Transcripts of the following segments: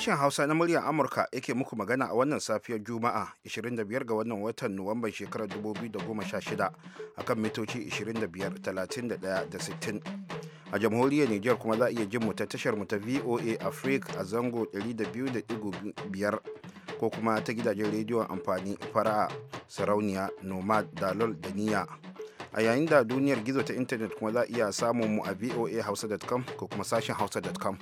Sashen Hausa na muryar Amurka yake muku magana a wannan safiyar Juma'a 25 ga wannan watan Nuwamban shekarar 2016 akan mitoci 25, 31 da 60. A jamhuriyar Nijar kuma za a iya jin mu ta tashar mu ta VOA Africa a zango 200.5 ko kuma ta gidajen rediyon amfani fara sarauniya nomad dalol da niya a yayin da duniyar gizo ta intanet kuma za a iya samun mu a voa hausa.com ko kuma sashen hausa.com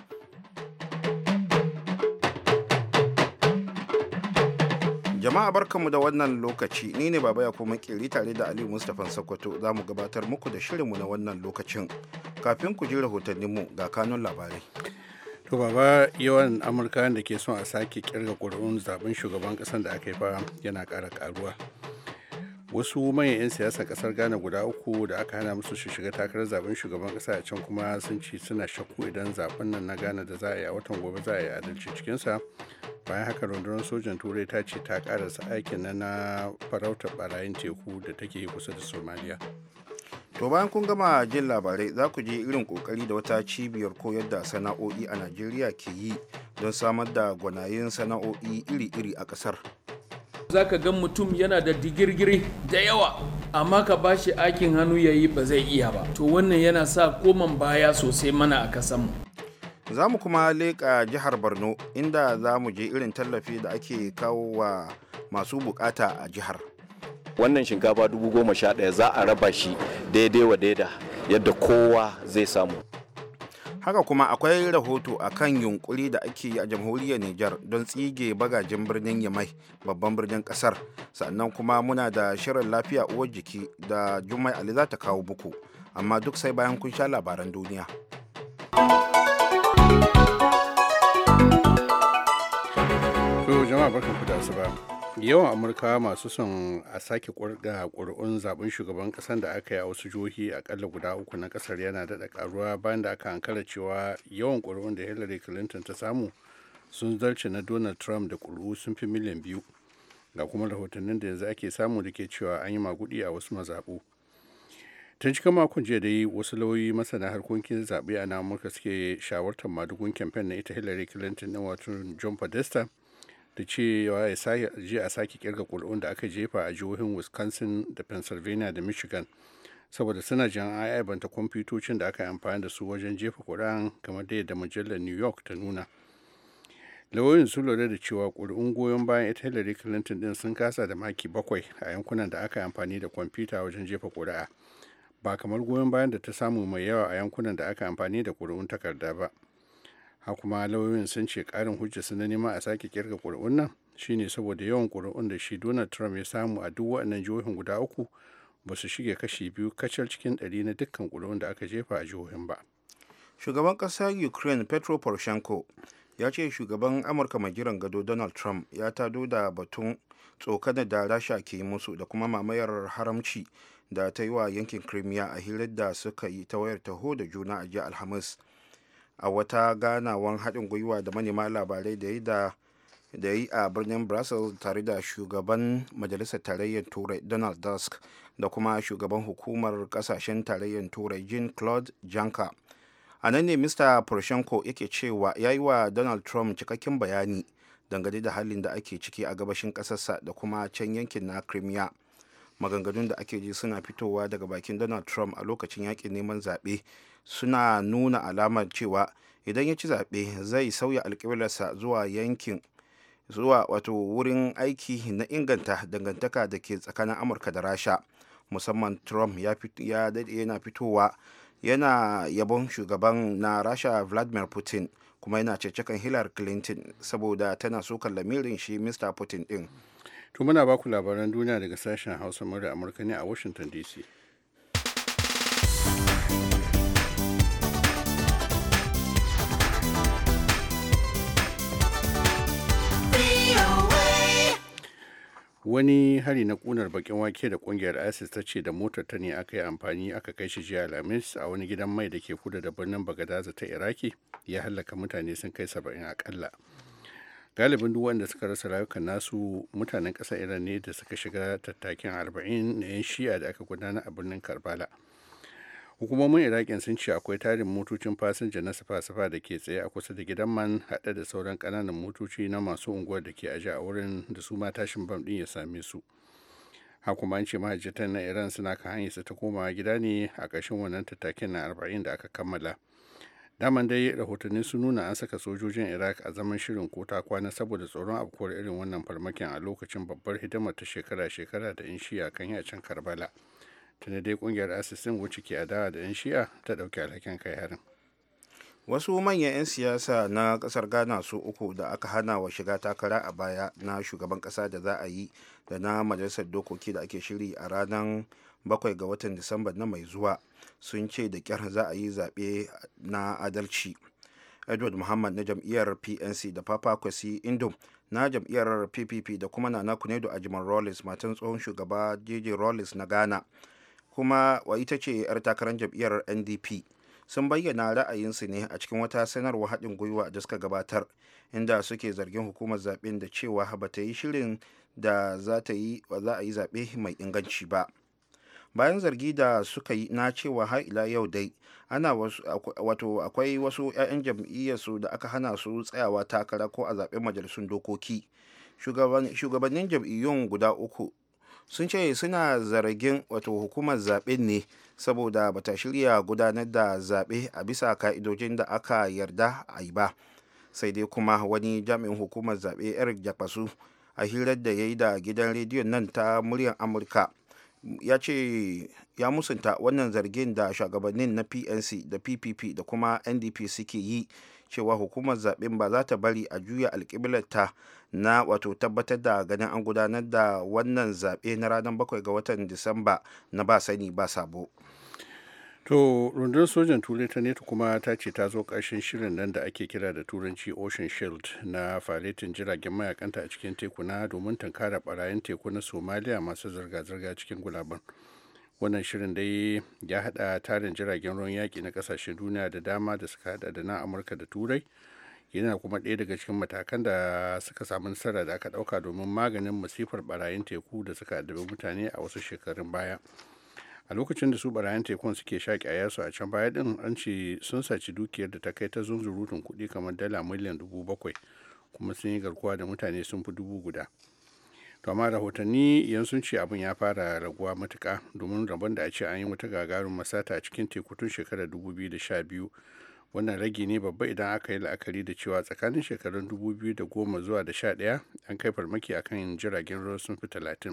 Jama'a barkanmu da wannan lokaci, ni ne Baba ya kuma kiri tare da Aliyu Mustapha Sokoto za mu gabatar muku da shirinmu na wannan lokacin. Kafin ku ji rahotanninmu ga kanun labarai. To baba yawan Amurka da ke son a sake kirga ƙuri'un zaben shugaban kasan da aka yi fara yana ƙara karuwa. wasu manyan 'yan siyasar kasar ghana guda uku da aka hana musu su shiga takarar zaben shugaban kasa a can kuma sun ce suna shakku idan zaben nan na ghana da za a yi a watan gobe za a yi adalci cikinsa bayan haka rundunar sojan turai ta ce ta karasa aikin na na farautar barayin teku da take kusa da somaliya to bayan kun gama jin labarai za ku je irin kokari da wata cibiyar koyar da sana'o'i a najeriya ke yi don samar da gwanayen sana'o'i iri-iri a kasar za ka gan mutum yana da digirgiri da yawa amma ka ba shi aikin hannu ya yi ba zai iya ba to wannan yana sa koman baya sosai mana a kasanmu za mu kuma leƙa jihar borno inda za mu je irin tallafi da ake kawo wa masu bukata a jihar wannan shinkafa dubu goma sha za a raba shi daidai wa daida yadda kowa zai samu haka kuma akwai rahoto a kan yunkuri da ake yi a jamhuriyar niger don tsige bagajin birnin yamai babban birnin kasar sannan kuma muna da shirin lafiya uwar jiki da jummai ali za ta kawo buku amma duk sai bayan kun sha labaran duniya to jama'a barkan ku da asuba yawan amurka masu son a sake kurga ƙuri'un zaben shugaban ƙasar da aka yi a wasu jihohi akalla guda uku na ƙasar yana daɗa ƙaruwa bayan da aka hankala cewa yawan ƙuri'un da hillary clinton ta samu sun zarce na donald trump da ƙuri'u sun fi miliyan biyu ga kuma rahotannin da yanzu ake samu da ke cewa an yi magudi a wasu mazaɓu tun cikin makon jiya dai wasu lauyi masana harkokin zaɓe a amurka suke shawartar madugun kamfen na ita hillary clinton na wato john podesta da cewa ya je a sake kirga kul'un da aka jefa a jihohin wisconsin da pennsylvania da michigan saboda suna jan aibanta kwamfutocin da aka yi amfani da su wajen jefa kuran kamar da yadda mujallar new york ta nuna lauyoyin sun lura da cewa ƙuri'un goyon bayan ita hillary clinton din sun kasa da maki bakwai a yankunan da aka yi amfani da kwamfuta wajen jefa kuri'a ba kamar goyon bayan da ta samu mai yawa a yankunan da aka amfani da kuri'un takarda ba haka kuma lauyoyin sun ce ƙarin hujja na neman a sake kirga ƙuri'un nan shine saboda yawan ƙuri'un da shi donald trump ya samu a duk waɗannan jihohin guda uku ba su shige kashi biyu kacal cikin ɗari na dukkan ƙuri'un da aka jefa a jihohin ba shugaban ƙasar ukraine petro poroshenko ya ce shugaban amurka mai jiran gado donald trump ya tado da batun tsokanar da rasha ke musu da kuma mamayar haramci da ta yi wa yankin crimea a hirar da suka yi ta wayar taho da juna a jiya alhamis a wata ganawar haɗin gwiwa da manema labarai da yi da yi a birnin brussels tare da shugaban majalisar tarayyar turai donald dusk da kuma shugaban hukumar kasashen tarayyar turai jean claude janka a nan ne mista poroshenko yake cewa ya yi wa donald trump cikakken bayani dangane da halin da ake ciki a gabashin ƙasarsa da kuma can yankin na crimea maganganun da ake ji suna fitowa daga bakin donald trump a lokacin yakin neman zaɓe suna nuna alamar cewa idan ya ci zaɓe zai sauya alƙiblarsa zuwa yankin zuwa wato wurin aiki na inganta dangantaka da ke tsakanin amurka da rasha musamman trump ya daɗe yana fitowa yana yabon shugaban na rasha vladimir putin kuma yana cancakan hillary clinton saboda tana sukan lamirin shi mr putin ɗin to muna baku labaran duniya daga sashen hausa murar amurka ne a washington dc wani hari na kunar bakin wake da kungiyar isis ta ce da motar ta ne aka yi amfani aka kai shi jiya alhamis a wani gidan mai da ke kuda da birnin bagadaza ta iraki ya hallaka mutane sun kai saba'in akalla galibin duk wanda suka rasa rayukan nasu mutanen ƙasar iran ne da suka shiga tattakin arba'in na 'yan shi'a da aka gudana a birnin karbala hukumomin iraƙin sun ce akwai tarin motocin fasinja na sifa-sifa da ke tsaye a kusa da gidan man haɗe da sauran kananan motoci na masu unguwar da ke aje a wurin da su ma tashin bam din ya same su hakuma an ce mahajjatan na iran suna kan hanyar su ta koma gida ne a ƙarshen wannan tattakin na arba'in da aka kammala daman dai rahotanni sun nuna an saka sojojin iraq a zaman shirin kota kwana saboda tsoron afkuwar irin wannan farmakin a lokacin babbar hidimar ta shekara-shekara da in shiya kan can karbala tuni dai kungiyar asisin din ke adawa da 'yan shi'a ta ɗauki alhakin kai harin wasu manyan 'yan siyasa na kasar ghana su uku da aka hana wa shiga takara a baya na shugaban kasa da za a yi da na majalisar dokoki da ake shiri a ranar bakwai ga watan disamba na mai zuwa sun ce da kyar za a yi zaɓe na adalci edward muhammad na jam'iyyar pnc da papa kwasi indo na jam'iyyar ppp da kuma nana kunedo ajiman rollins matan tsohon shugaba jj rollins na ghana kuma wa ita ce 'yar takarar jam'iyyar ndp sun bayyana ra'ayinsu ne a cikin wata sanarwa haɗin gwiwa da suka gabatar inda suke zargin hukumar zaɓen da cewa ba ta yi shirin da za yi za a yi zaɓe mai inganci ba bayan zargi da suka yi na cewa har ila yau dai ana wato akwai wasu 'ya'yan jam'iyyarsu da aka hana su tsayawa takara ko a zaɓen majalisun dokoki shugabannin jam'iyyun guda uku sun ce suna zargin wato hukumar zaɓe ne saboda bata shirya gudanar da zaɓe a bisa ka'idojin da aka yarda a yi ba sai dai kuma wani jami'in hukumar zaɓe eric jafasu a hirar da ya yi da gidan rediyon nan ta muryar amurka ya ce ya musunta wannan zargin da shugabannin na pnc da ppp da kuma ndp suke yi cewa hukumar zaɓen ba za ta bari a juya alƙiblarta na wato tabbatar da ganin an gudanar da wannan zaɓe na ranar bakwai ga watan disamba na ba sani ba sabo to rundun sojan turai ta neto kuma ta ce ta zo ƙarshen shirin nan da ake kira da turanci ocean shield na faletin jiragen mayakanta a cikin tekuna domin tankara barayin teku na somaliya masu zirga-zirga cikin gulaban wannan shirin dai ya hada tarin jiragen ruwan yaƙi na kasashen duniya da dama da suka hada da na amurka da turai yana kuma ɗaya daga cikin matakan da suka samu nasara da aka ɗauka domin maganin masifar barayin teku da suka addabi mutane a wasu shekarun baya a lokacin da su barayin tekun suke shaƙi a yasu a can baya din an ce sun saci dukiyar da ta kai ta zunzurutun kuɗi kamar dala miliyan dubu bakwai kuma sun yi garkuwa da mutane sun fi dubu guda kama rahotanni yan sun ce abin ya fara raguwa matuka domin rabon da a ce an yi wata gagarin masata a cikin tekutun shekarar 2012 wannan ragi ne babba idan aka yi la'akari da cewa tsakanin shekarun 2010 zuwa da 11 an kai farmaki akan jiragen ruwa sun fi 30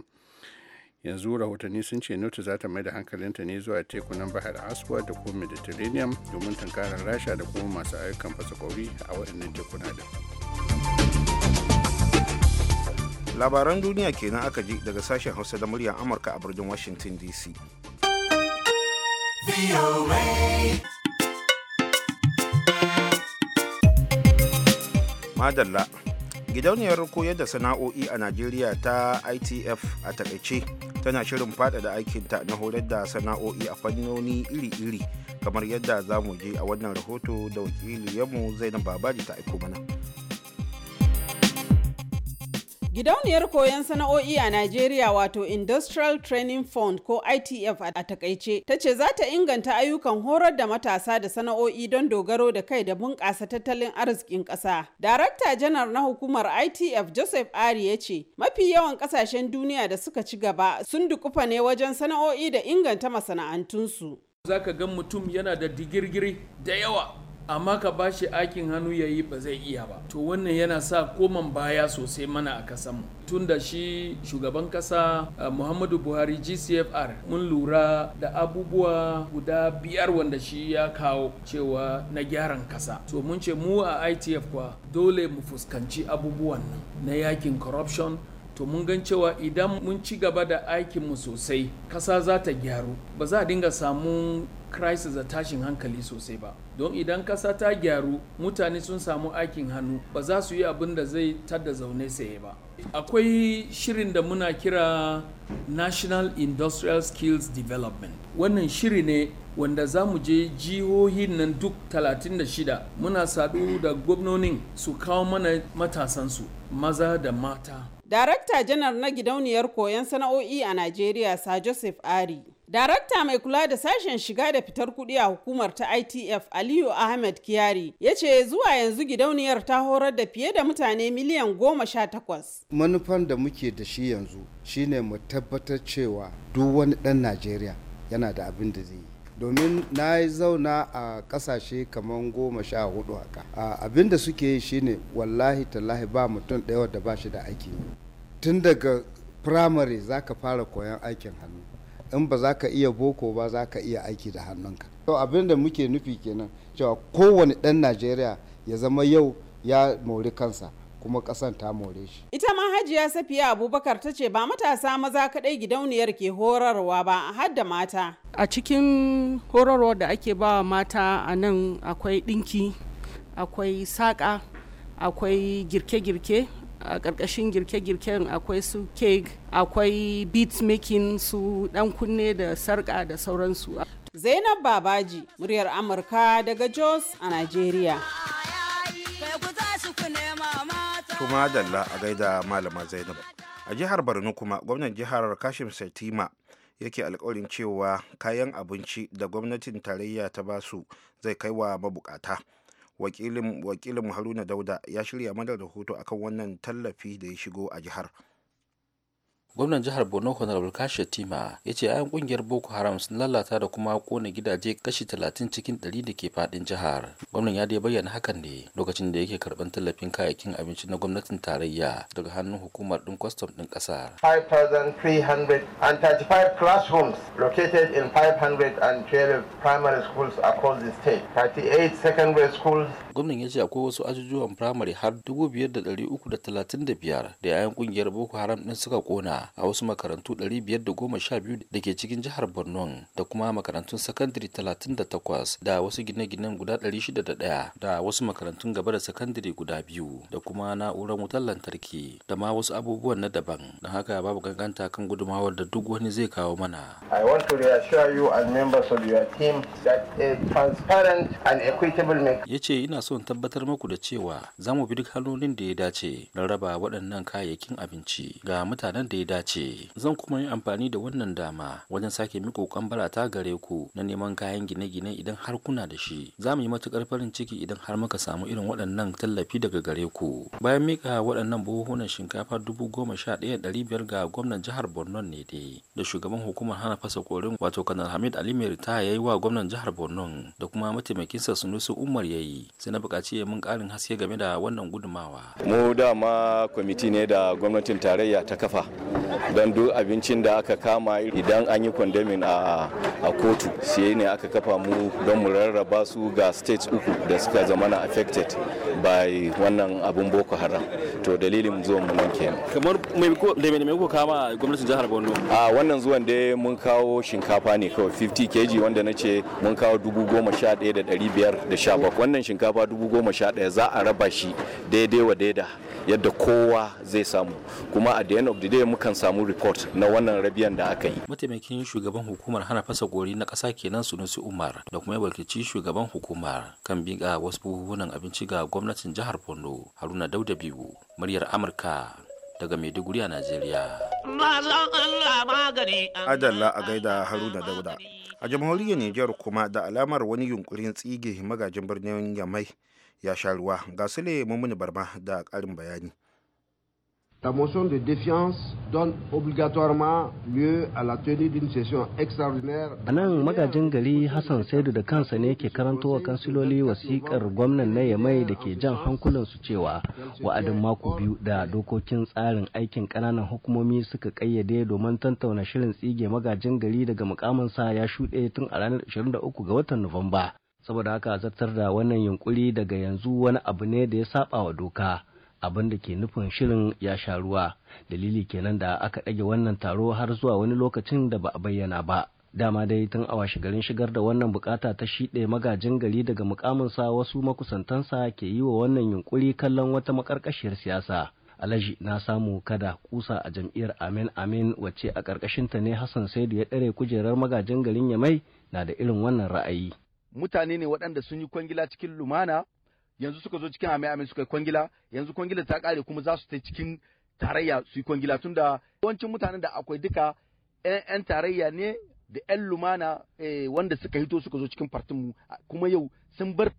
yanzu rahotanni sun ce noto za ta mai da hankalinta ne zuwa tekunan bahar aswa da kuma mediterranean domin tankarar rasha da kuma masu ayyukan fasa kwauri a waɗannan tekuna da labaran duniya kenan aka ji daga sashen hausa da muryar amurka a birnin washington dc madalla gidauniyar koyar da sana'o'i a najeriya ta itf a takaice tana shirin fadada aikinta na horar da sana'o'i a fannoni iri-iri kamar yadda za mu je a wannan rahoto da wakili yamu zainab babaji ta aiko mana Gidauniyar koyon sana'o'i a Najeriya wato Industrial Training Fund ko ITF a takaice ta ce za ta inganta ayyukan horar da matasa da sana'o'i don dogaro da kai da bunƙasa tattalin arzikin ƙasa. Darakta janar na hukumar ITF Joseph Ari ya ce mafi yawan ƙasashen duniya da suka ci gaba sun dukufa ne wajen sana'o'i da inganta masana'antunsu. Za ka gan mutum yana da digirgiri da yawa amma ka ba shi aikin hannu ya yi ba zai iya ba to wannan yana sa koman baya sosai mana a kasanmu tun da shi shugaban kasa eh, muhammadu buhari gcfr mun lura da abubuwa guda biyar wanda shi ya kawo cewa na gyaran kasa to mun ce mu a itf kwa dole mu fuskanci abubuwan na yakin corruption to mun gan cewa idan mun ci gaba da aikinmu sosai ƙasa za ta gyaru ba za a dinga samun crisis da tashin hankali sosai ba don idan ƙasa ta gyaru mutane sun samu aikin hannu ba za su yi abin da zai tada zaune saye ba akwai shirin da muna kira national industrial skills development wannan shiri ne wanda za mu je jihohin nan duk 36 muna sadu da gwamnonin su kawo mana matasansu maza da mata Darakta janar na gidauniyar koyon sana'o'i a Najeriya, Sa Joseph Ari. Darakta mai kula da sashen shiga da fitar kuɗi a hukumar ta ITF Aliyu Ahmed Kiyari ya ce zuwa yanzu gidauniyar ta horar da fiye da mutane miliyan goma sha takwas. Manufan da muke da shi yanzu shine mu tabbatar cewa duk wani ɗan Najeriya yana da abin da zai yi. domin na zauna a kasashe kamar goma sha hudu haka abin da suke yi shine wallahi tallahi ba mutum ɗaya da ba shi da aiki tun daga primary za ka fara koyan aikin hannu in ba za ka iya boko ba za ka iya aiki da hannunka to abin da muke nufi kenan cewa kowane ɗan najeriya ya zama yau ya mori kansa kuma kasan ta more shi. Ita ma Hajiya Safiya Abubakar ta ce ba matasa maza kaɗai gidauniyar ke horarwa ba har da mata. A cikin horarwa da ake ba wa mata a nan akwai ɗinki, akwai saƙa, akwai girke-girke, a ƙarƙashin girke-girken akwai su keg akwai beat making su ɗan kunne da sarƙa da sauransu zainab babaji muryar amurka daga jos a nigeria Tuma Dalla a gaida Malama Zainab. A jihar Borno kuma gwamnan jihar Kashim saitima yake alkawarin cewa kayan abinci da gwamnatin tarayya ta basu zai kai wa mabukata. Wakilin Haruna Dauda ya shirya mana rahoto akan wannan tallafi da ya shigo a jihar. gwamnan jihar borno honorable kashi tima ya ce ayan kungiyar boko haram sun lalata da kuma kona gidaje kashi talatin cikin ɗari da ke fadin jihar gwamnan ya dai bayyana hakan ne lokacin da yake karban tallafin kayayyakin abinci na gwamnatin tarayya daga hannun hukumar ɗin kwastam ɗin ƙasar 5,335 classrooms located in 512 primary schools across the state 38 secondary schools gwamnan ya ce akwai wasu ajujuwan firamare har 5,335 da yayan kungiyar boko haram ɗin suka kona a wasu makarantu 512 da ke cikin jihar Borno da kuma makarantun sakandare 38 da wasu gine-ginen guda 601 da wasu makarantun gaba da sakandare guda biyu da kuma na'urar wutar lantarki da ma wasu abubuwan na daban don haka babu ganganta kan gudumawar da duk wani zai kawo mana. I want to reassure you as members of your team that a transparent and equitable Ya ce ina son tabbatar maku da cewa za mu bi duk hannunin da ya dace don raba waɗannan kayayyakin abinci ga mutanen da ya dace. dace zan kuma yi amfani da wannan dama wajen sake miko kambara ta gare ku na neman kayan gine-gine idan har kuna da shi za mu yi matukar farin ciki idan har muka samu irin waɗannan tallafi daga gare ku bayan mika waɗannan buhuhunan shinkafa dubu goma sha ɗaya ɗari biyar ga gwamnan jihar borno ne dai da shugaban hukumar hana fasa korin wato kanar hamid ali mai ritaya ya yi wa gwamnan jihar borno da kuma mataimakinsa sunusu umar ya yi sai na buƙaci ya mun ƙarin haske game da wannan gudumawa mu dama kwamiti ne da gwamnatin tarayya ta kafa don duk abincin da aka kama idan an yi kwandamin a kotu sai ne aka kafa mu don mu rarraba su ga states uku da suka zama na affected by wannan abun boko haram to dalilin zuwan mu nan kenan kamar da mai ko kama gwamnatin jihar Borno a wannan zuwan dai mun kawo shinkafa ne kawai 50 kg wanda na ce mun kawo dubu goma sha da ɗari biyar da sha wannan shinkafa dubu goma sha za a raba shi daidai wa daida yadda kowa zai samu kuma a the end of the day mukan samu report na wannan rabiyan da aka yi mataimakin shugaban hukumar hana fasa gori na ƙasa kenan sunusi umar da kuma ya shugaban hukumar kan ga wasu buhunan abinci ga gwamnatin jihar borno haruna dauda biyu muryar amurka daga maiduguri a najeriya adalla a gaida haruna dauda a jamhuriyar niger kuma da alamar wani yunkurin tsige magajin birnin yamai ya sha ruwa ga su mummuni barma da karin bayani La motion de défiance donne obligatoirement lieu à la tenue d'une session extraordinaire. A nan magajin gari Hassan Saidu da kansa ne ke karanto wa kansiloli wasikar gwamnan na Yamai da ke jan hankulansu cewa wa'adin mako biyu da dokokin tsarin aikin ƙananan hukumomi suka ƙayyade domin tantauna shirin tsige magajin gari daga mukamansa ya shuɗe tun a ranar 23 ga watan Nuwamba. saboda haka zartar da wannan yunkuri daga yanzu wani abu ne da ya saba wa doka abin da ke nufin shirin ya sha ruwa dalili kenan da aka ɗage wannan taro har zuwa wani lokacin da ba a bayyana ba dama dai tun awa shigarin shigar da wannan bukata ta shiɗe magajin gari daga mukaminsa wasu makusantansa ke yi wa wannan yunkuri kallon wata makarkashiyar siyasa alhaji na samu kada kusa a jam'iyyar amin amin wacce a ƙarƙashinta ne hassan saidu ya ɗare kujerar magajin garin ya mai na da irin wannan ra'ayi mutane ne waɗanda sun yi kwangila cikin lumana yanzu suka zo cikin ame-ame suka yi kwangila yanzu kwangila ta ƙare kuma za su ta cikin tarayya su yi kwangila tunda yawancin mutanen da akwai duka 'yan tarayya ne da 'yan lumana eh, wanda suka hito suka zo cikin mu kuma yau sun bar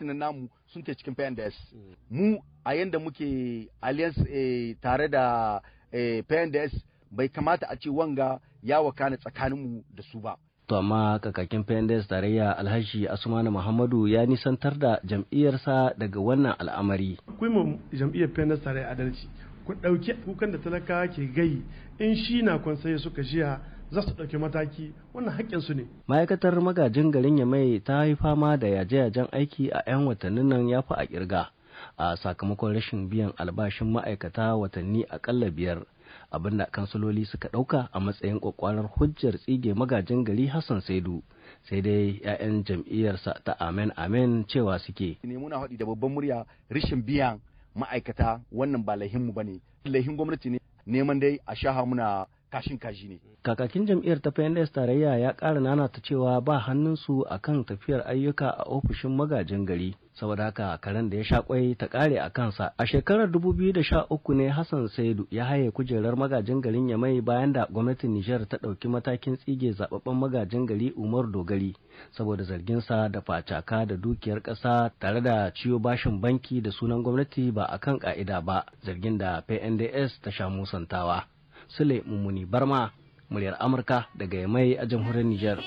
na namu sun ta cikin PNDS. Mm. Mu a yanda muke alliance eh, tare da eh, PNDS bai kamata a ce wanga ya wakana tsakaninmu da su ba. To amma kakakin Pendes tarayya Alhaji Asmanu Muhammadu ya nisantar da jam'iyyarsa daga wannan al'amari. Kuma jam'iyyar Pendes tarayya adalci ku ɗauki kukan da talakawa ke gai in shi na kwansaye suka shiya za su ɗauki mataki wannan haƙƙinsu ne. Ma'aikatar magajin garin Yamai ta yi fama da yaje-yajen aiki a 'yan watannin nan ya fi a ƙirga a sakamakon rashin biyan albashin ma'aikata watanni aƙalla biyar. abin da kansuloli suka ɗauka a matsayin kwakwalar hujjar tsige magajin gari hassan saidu sai dai 'ya'yan jam'iyyarsa ta amen amen cewa suke ne muna haɗi da babban murya rashin biyan ma'aikata wannan ba lahinmu ba ne lahin gwamnati ne neman dai a shaha muna kashin kashi ne. Kakakin jam'iyyar ta PNS tarayya ya ƙara nana ta cewa ba hannunsu a kan tafiyar ayyuka a ofishin magajin gari. Saboda haka karen da ya sha kwai ta ƙare a kansa. A shekarar 2013 ne Hassan Saidu ya haye kujerar magajin garin ya mai bayan da gwamnatin Nijar ta ɗauki matakin tsige zaɓaɓɓen magajin gari Umar Dogari saboda zarginsa da facaka da dukiyar ƙasa tare da ciwo bashin banki da sunan gwamnati ba a kan ƙa'ida ba zargin da PNDS ta sha musantawa. Sule Mummuni Barma, muryar Amurka daga Yamai a jamhuriyar Nijar.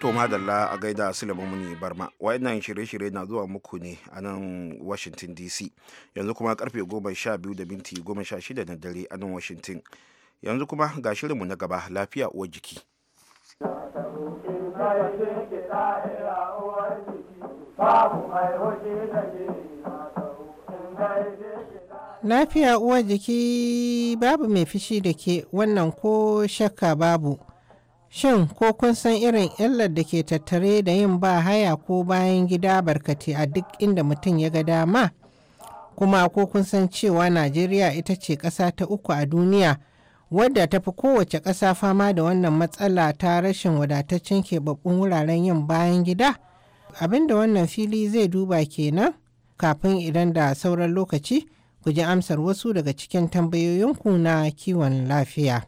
To madalla a gaida Sule Mummuni Barma, wayannan shirye-shirye na zuwa muku ne a nan Washington DC. Yanzu kuma karfe goma sha biyu da minti goma sha shida na dare a nan Washington. Yanzu kuma ga shirinmu na gaba lafiya uwar jiki. Lafiya uwar jiki babu mai fishi da ke wannan ko shakka babu. Shin ko kun san irin illar da ke tattare da yin ba haya ko bayan gida barkati a duk inda mutum ya ga dama? Kuma ko kun san cewa Najeriya ita ce ƙasa ta uku a duniya wadda ta fi kowace ƙasa fama da wannan matsala ta rashin wadataccen keɓaɓɓun wuraren yin bayan gida? Abinda wannan fili zai duba kenan kafin idan da sauran lokaci ku ji amsar wasu daga cikin tambayoyin ku na kiwon lafiya.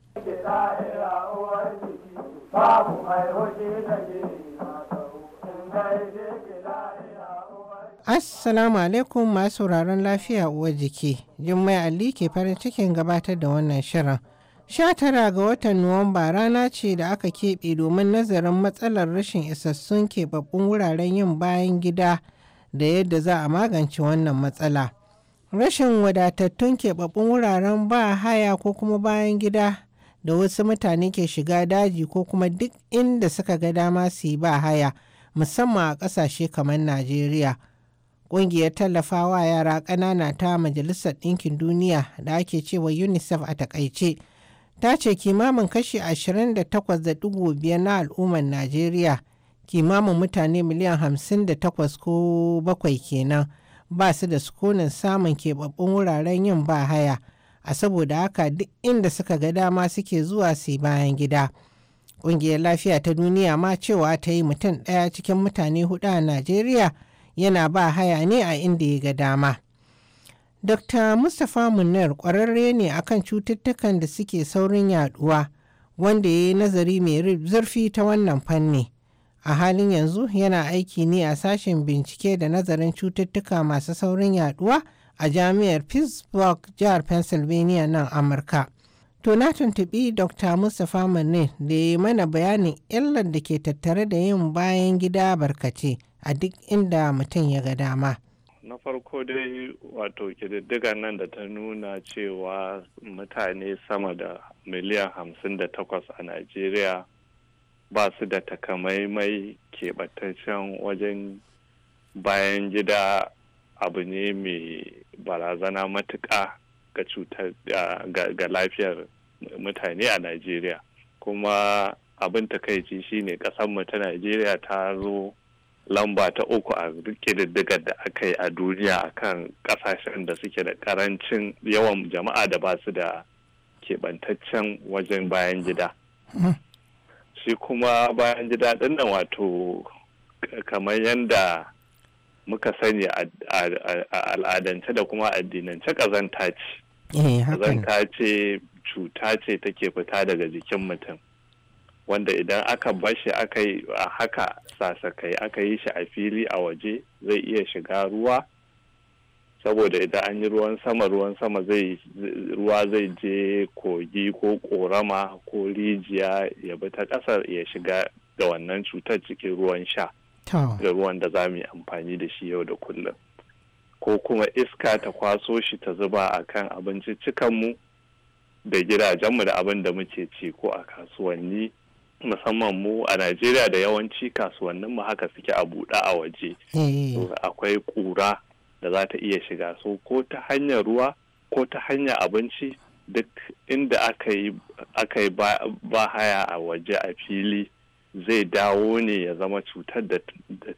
Assalamu alaikum masu sauraron lafiya uwar jiki, Jummai Ali ke farin cikin gabatar da wannan shirin. Sha tara ga watan Nuwamba rana ce da aka keɓe domin nazarin matsalar rashin isassun keɓaɓɓun wuraren yin bayan gida da yadda za a magance wannan matsala. rashin wadatattun keɓaɓɓun wuraren ba haya ko kuma bayan gida da wasu mutane ke shiga daji ko kuma duk inda suka ga dama su yi ba haya musamman a ƙasashe kamar najeriya ƙungiyar tallafawa yara ƙanana ta majalisar ɗinkin duniya da ake cewa unicef a takaice ta ce kimamin kashi 28.5 na al'ummar najeriya kimamin mutane miliyan 58 ko bakwai kenan ba su da sukunin samun keɓaɓɓun wuraren yin ba haya a saboda haka duk inda suka ga dama suke zuwa su bayan gida ƙungiyar lafiya ta duniya ma cewa ta yi mutum ɗaya cikin mutane hudu a najeriya yana ba haya ne a inda ya ga dama dr mustapha munnar ƙwararre ne akan cututtukan da suke saurin yaduwa wanda ya yi nazari mai zurfi ta wannan fanni a halin yanzu yana aiki ne a sashen bincike da nazarin cututtuka masu saurin yaduwa a jami'ar pittsburgh jihar pennsylvania nan amurka to na tuntubi dr mustapha manin da ya mana bayanin illar da ke tattare da yin bayan gida barkace a duk inda mutum ya ga dama na farko dai wato kididdiga nan da ta nuna cewa mutane sama da miliyan hamsin da takwas a najeriya ba su da takamaimai keɓantaccen wajen bayan gida abu ne mai barazana matuƙa ga cutar ga lafiyar mutane a najeriya kuma abin takaici shine mu ta najeriya ta zo lamba ta uku a ƙididdigar da aka yi a duniya akan ƙasashen da suke da ƙarancin yawan jama'a da ba su da keɓantaccen wajen bayan gida hmm. shi kuma bayan ji daɗin nan wato kamar yadda muka sani a al'adance da kuma addinance ƙazanta ce eh, ƙazanta ce cuta ce take fita daga jikin mutum wanda idan aka bashi aka yi a haka sasakai aka yi shi a fili a waje zai iya shiga ruwa saboda idan an yi ruwan sama ruwan sama zai ruwa zai je kogi ko korama ko rijiya ya bi ta ƙasar ya shiga da wannan cutar cikin ruwan sha da ruwan da za mu yi amfani da shi yau da kullum ko kuma iska ta kwaso shi ta zuba a kan abincicikanmu da gidajenmu da abin da muke ci ko a kasuwanni musamman mu a najeriya da yawanci kasuwanninmu haka suke a buɗe a waje eh, eh, eh. akwai ƙura da za ta iya shiga so ko ta hanyar ruwa ko ta hanyar abinci duk inda aka yi ba haya a waje a fili zai dawo ne ya zama cutar da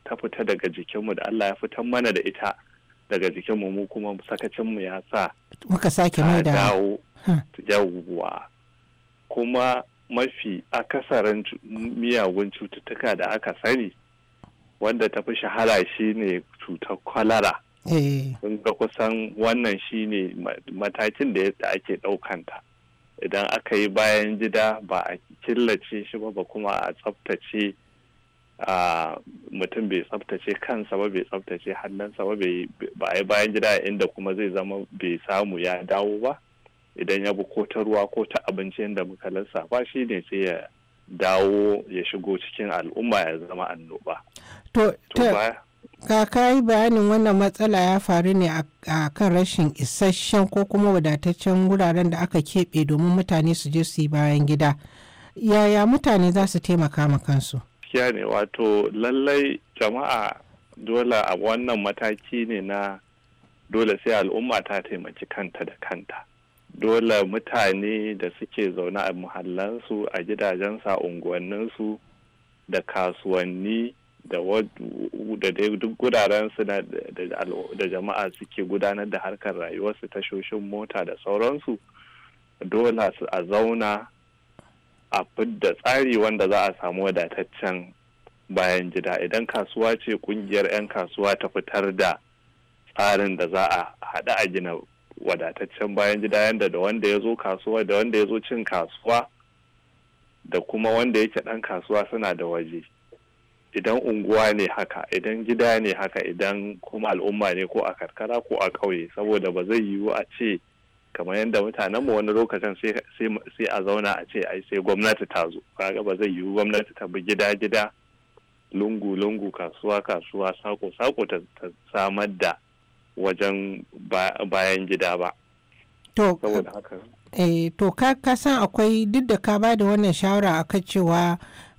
ta fita daga jikinmu da Allah ya fitar mana da ita daga jikinmu mu kuma sakacinmu ya sa muka dawo yawwa kuma mafi akasarin miyagun cututtuka da aka sani wanda ta fi shahara shine cutar kwalara Eh. Kun ga kusan wannan shine matakin da ake ɗaukanta. Idan aka yi bayan gida ba a killace shi ba ba kuma a tsaftace mutum bai tsaftace kansa ba bai tsaftace hannunsa ba ba a yi bayan gida inda kuma zai zama bai samu ya dawo ba. Idan ya bi ko ta ruwa ko ta abinci inda muka ba shi ne sai ya dawo ya shigo cikin al'umma ya zama annoba. To, kaka yi bayanin wannan matsala ya faru ne a kan rashin isasshen ko kuma wadataccen wuraren da aka keɓe domin mutane su je su yi bayan gida yaya mutane za su taimaka ma kansu gaskiya ne wato lallai jama'a dole a wannan mataki ne na dole sai al'umma ta taimaki kanta da kanta dole mutane da suke zaune a muhallansu a gidajensu a unguwanninsu da kasuwanni da duk guraren su da jama'a suke gudanar da harkar rayuwarsu tashoshin mota da sauransu dole su a zauna a fidda tsari wanda za a samu wadataccen bayan gida idan kasuwa ce kungiyar 'yan kasuwa ta fitar da tsarin da za a haɗa a gina wadataccen bayan gida yadda da wanda ya zo kasuwa da wanda ya zo cin kasuwa da kuma wanda yake ɗan kasuwa suna da waje idan unguwa ne haka idan gida ne haka idan kuma al'umma ne ko a karkara ko a ƙauye saboda ba zai yiwu a ce kamar yadda mutanen mu wani lokacin sai a zauna a ce ai sai gwamnati ta zo kaga ba zai yiwu gwamnati ta bi gida gida lungu lungu kasuwa kasuwa sako sako ta samar da wajen bayan gida ba to saboda haka eh to ka san akwai duk da ka ba da wannan shawara akan cewa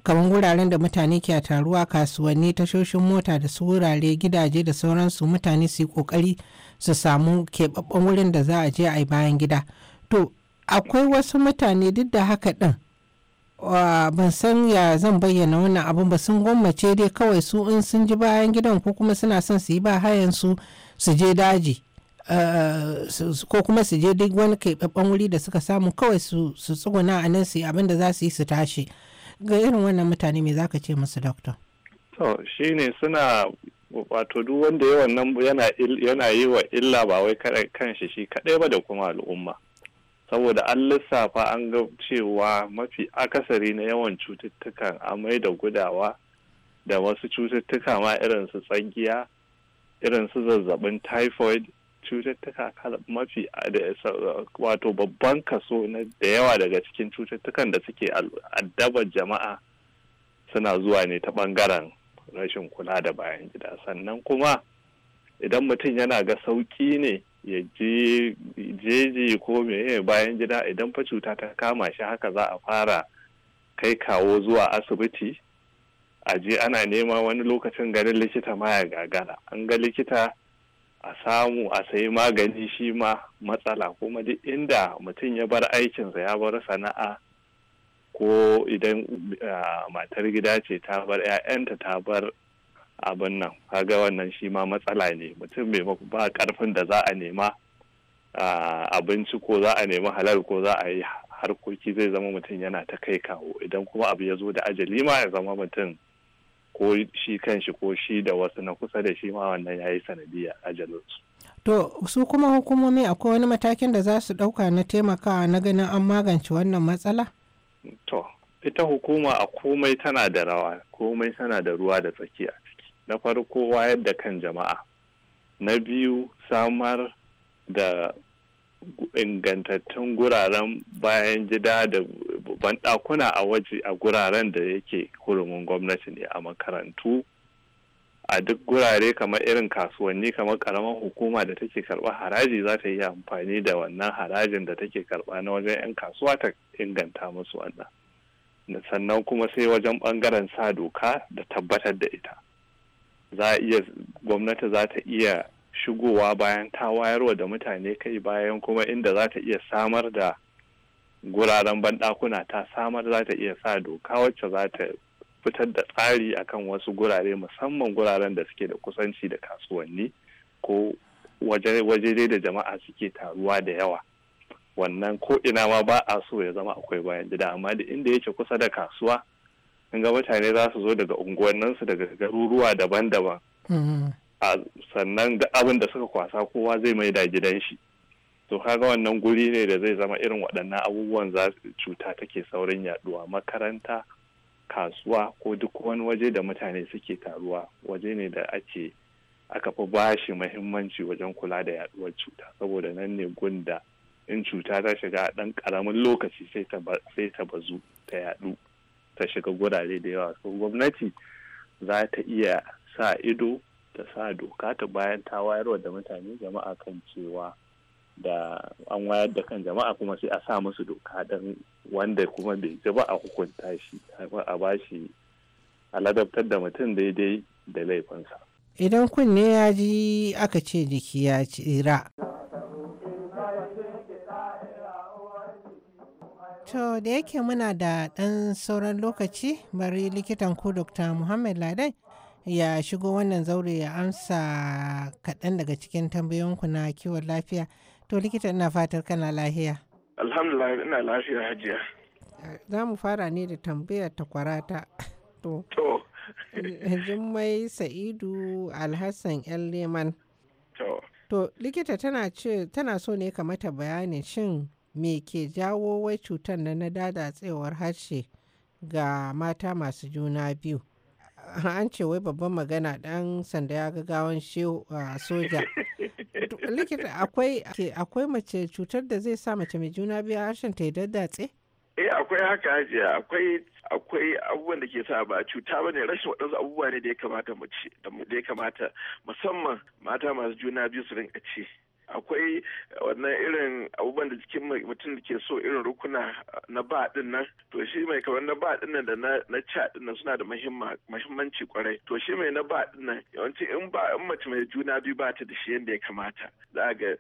kamar wuraren da mutane ke taruwa kasuwanni tashoshin mota da su wurare gidaje da sauransu mutane su yi kokari su samu keɓaɓɓen wurin da za a je a yi bayan gida to akwai wasu mutane duk da haka ɗin ban san ya zan bayyana wannan abin ba sun gwammace dai kawai su in sun ji bayan gidan ko kuma suna son su yi ba hayan su su je daji eh, ko kuma su je duk wani keɓaɓɓen wuri da suka samu kawai su tsuguna a nan su yi abin da za su yi su tashi ga irin wannan mutane me zaka ce musu doctor to ne suna wato duk wanda ya wannan yana yi wa illa ba wai kanshi shi kadai ba da kuma al'umma saboda an lissafa an ga cewa mafi akasari na yawan cututtukan amai da gudawa da wasu cututtuka ma irin su tsangiya irin su zazzabin typhoid cututtuka mafi wato babban kaso na da yawa daga cikin cututtukan da suke addabar jama'a suna zuwa ne ta bangaren rashin kula da bayan gida sannan kuma idan mutum yana ga sauki ne ya jeji ko meye bayan gida idan fa cuta ta kama shi haka za a fara kai kawo zuwa asibiti a je ana nema wani lokacin ganin likita ma ya gagara an ga likita a samu a sayi magani shi ma matsala kuma duk inda mutum ya bar aikinsa ya bar sana'a ko idan matar gida ce ta bar 'ya'yanta ta bar abin nan kaga wannan shi ma matsala ne mutum mai ba karfin da za a nema abinci ko za a nema halal ko za a yi harkoki zai zama mutum yana ta kai kawo idan kuma abu ya zo da ajali ma ya zama mutum ko shi kan shi ko shi da wasu na kusa da shi ma wannan ya yi sanadiyar ajalinsu. To su kuma hukumomi akwai wani matakin da za su ɗauka na taimakawa na ganin an magance wannan matsala? To, ita hukuma a komai tana da rawa, komai tana da ruwa da tsaki a ciki. Na farko wayar da kan jama'a. Na biyu samar da ingantattun guraren bayan gida da banɗakuna a waje a guraren da yake hurumin gwamnati ne a makarantu a duk gurare kamar irin kasuwanni kamar karamar hukuma da take karba haraji za ta yi amfani da wannan harajin da take karba na wajen 'yan kasuwa ta inganta musu wannan sannan kuma sai wajen ɓangaren sa doka da tabbatar da ita za iya gwamnati za ta iya shigowa bayan ta wayarwa da mutane kai bayan kuma inda za ta iya samar da guraren banɗakuna ta samar za ta iya sa doka wacce za ta fitar da tsari akan wasu gurare musamman guraren da suke da kusanci da kasuwanni ko waje da jama'a suke taruwa da yawa wannan ko ina ma ba a so ya zama akwai bayan gida amma da inda yake kusa da kasuwa in ga mutane za su zo daga unguwanninsu daga garuruwa daban-daban mm-hmm. sannan duk abin da suka kwasa kowa zai mai da gidan shi to kaga wannan guri ne da zai zama irin waɗannan abubuwan za cuta take saurin yaduwa makaranta kasuwa ko duk wani waje da mutane suke taruwa waje ne da ake aka fi bashi mahimmanci wajen kula da yaduwar cuta saboda nan ne gunda in cuta ta shiga a ɗan ƙaramin lokaci sai ta bazu ta yadu ta shiga gurare da yawa so gwamnati za ta iya sa ido ta sa doka ta bayan ta wayar da mutane jama'a kan cewa da an wayar da kan jama'a kuma sai a sa musu doka dan wanda kuma bai ji ba a hukunta shi a bashi a ladabtar da mutum daidai da laifinsa. Idan kunne ya ji aka ce jiki ya tsira. To da yake muna da ɗan sauran lokaci bari likitan ku Dr. Muhammad Ladan ya shigo wannan zaure ya amsa kaɗan daga cikin tambayoyinku na kiwon lafiya. To likita ina fatar kana lahiya. Alhamdulillah ina lafiya hajiya. Za mu fara ne da tambayar ta kwarata. To. mai Sa'idu Alhassan ‘yan Leman. To. likita tana ce tana so ne ka mata bayanin shin me ke jawo wai cutar da na tsewar harshe ga mata masu juna biyu. an ce wai babban magana dan sanda ya ga gawan shehu soja likita akwai akwai mace cutar da zai sa mace mai juna biyu harshen ta daddatse eh akwai haka ajiya akwai akwai abubuwan da ke sa ba cuta ba ne rashin waɗansu abubuwa ne da ya kamata mace da ya kamata musamman mata masu juna biyu su rinka ci akwai wannan irin abubuwan da jikin mutum da ke so irin rukuna na ba din nan to shi mai kamar na ba din nan da na ca din nan suna da muhimmanci kwarai to shi mai na ba din nan yawanci in ba in mace mai juna biyu ba ta da shi yadda ya kamata za ga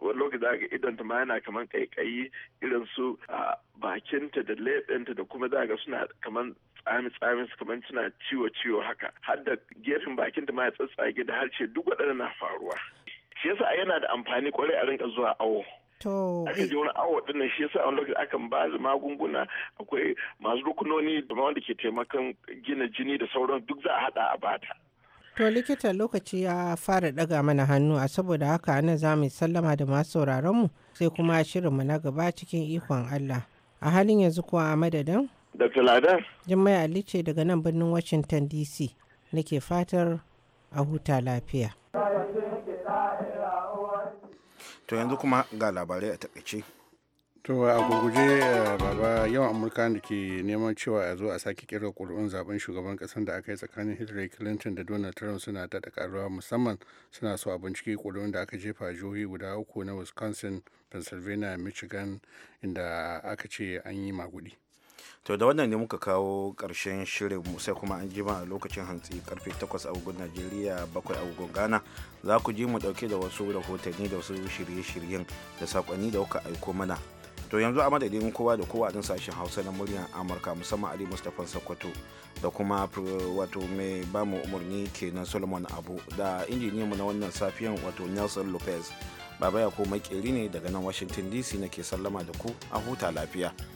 wani lokaci za ga idon ta ma yana kamar kaikayi irin su bakinta da leɓenta da kuma za ga suna kamar tsami tsami kamar suna ciwo ciwo haka har da gefen bakinta ma ya tsatsage da harshe duk waɗannan na faruwa shi yasa yana da amfani kwarai a rinka zuwa awo aka je wani awo din shi yasa wani lokacin akan ba da magunguna akwai masu rukunoni da wanda ke taimakon gina jini da sauran duk za a hada a bata to likita lokaci ya fara daga mana hannu a saboda haka ana za mu sallama da masu sauraron mu sai kuma shirin mu na gaba cikin ikon Allah a halin yanzu kuwa a madadin Dr. Lada Jummai Ali ce daga nan birnin Washington DC nake fatar a huta lafiya to yanzu kuma ga labarai a takaice to a gurguje eh, baba yawan amurka da ke neman cewa a zo a sake kirga kuri'un zaben shugaban kasar da aka yi tsakanin hillary clinton da donald trump suna ta da karuwa musamman suna so a bincike kuri'un da aka jefa jihohi guda uku na wisconsin pennsylvania michigan inda aka ce an yi magudi to da wannan ne muka kawo ƙarshen shirin mu kuma an jima a lokacin hantsi karfe 8 agogon najeriya 7 agogon ghana za ku ji mu dauke da wasu rahotanni da wasu shirye-shiryen da sakonni da kuka aiko mana to yanzu a madadin kowa da kowa din sashen hausa na muryar amurka musamman ali mustapha sokoto da kuma wato mai bamu umarni kenan solomon abu da injiniyanmu na wannan safiyan wato nelson lopez baba ya ko makeri ne daga nan washington dc na ke sallama da ku a huta lafiya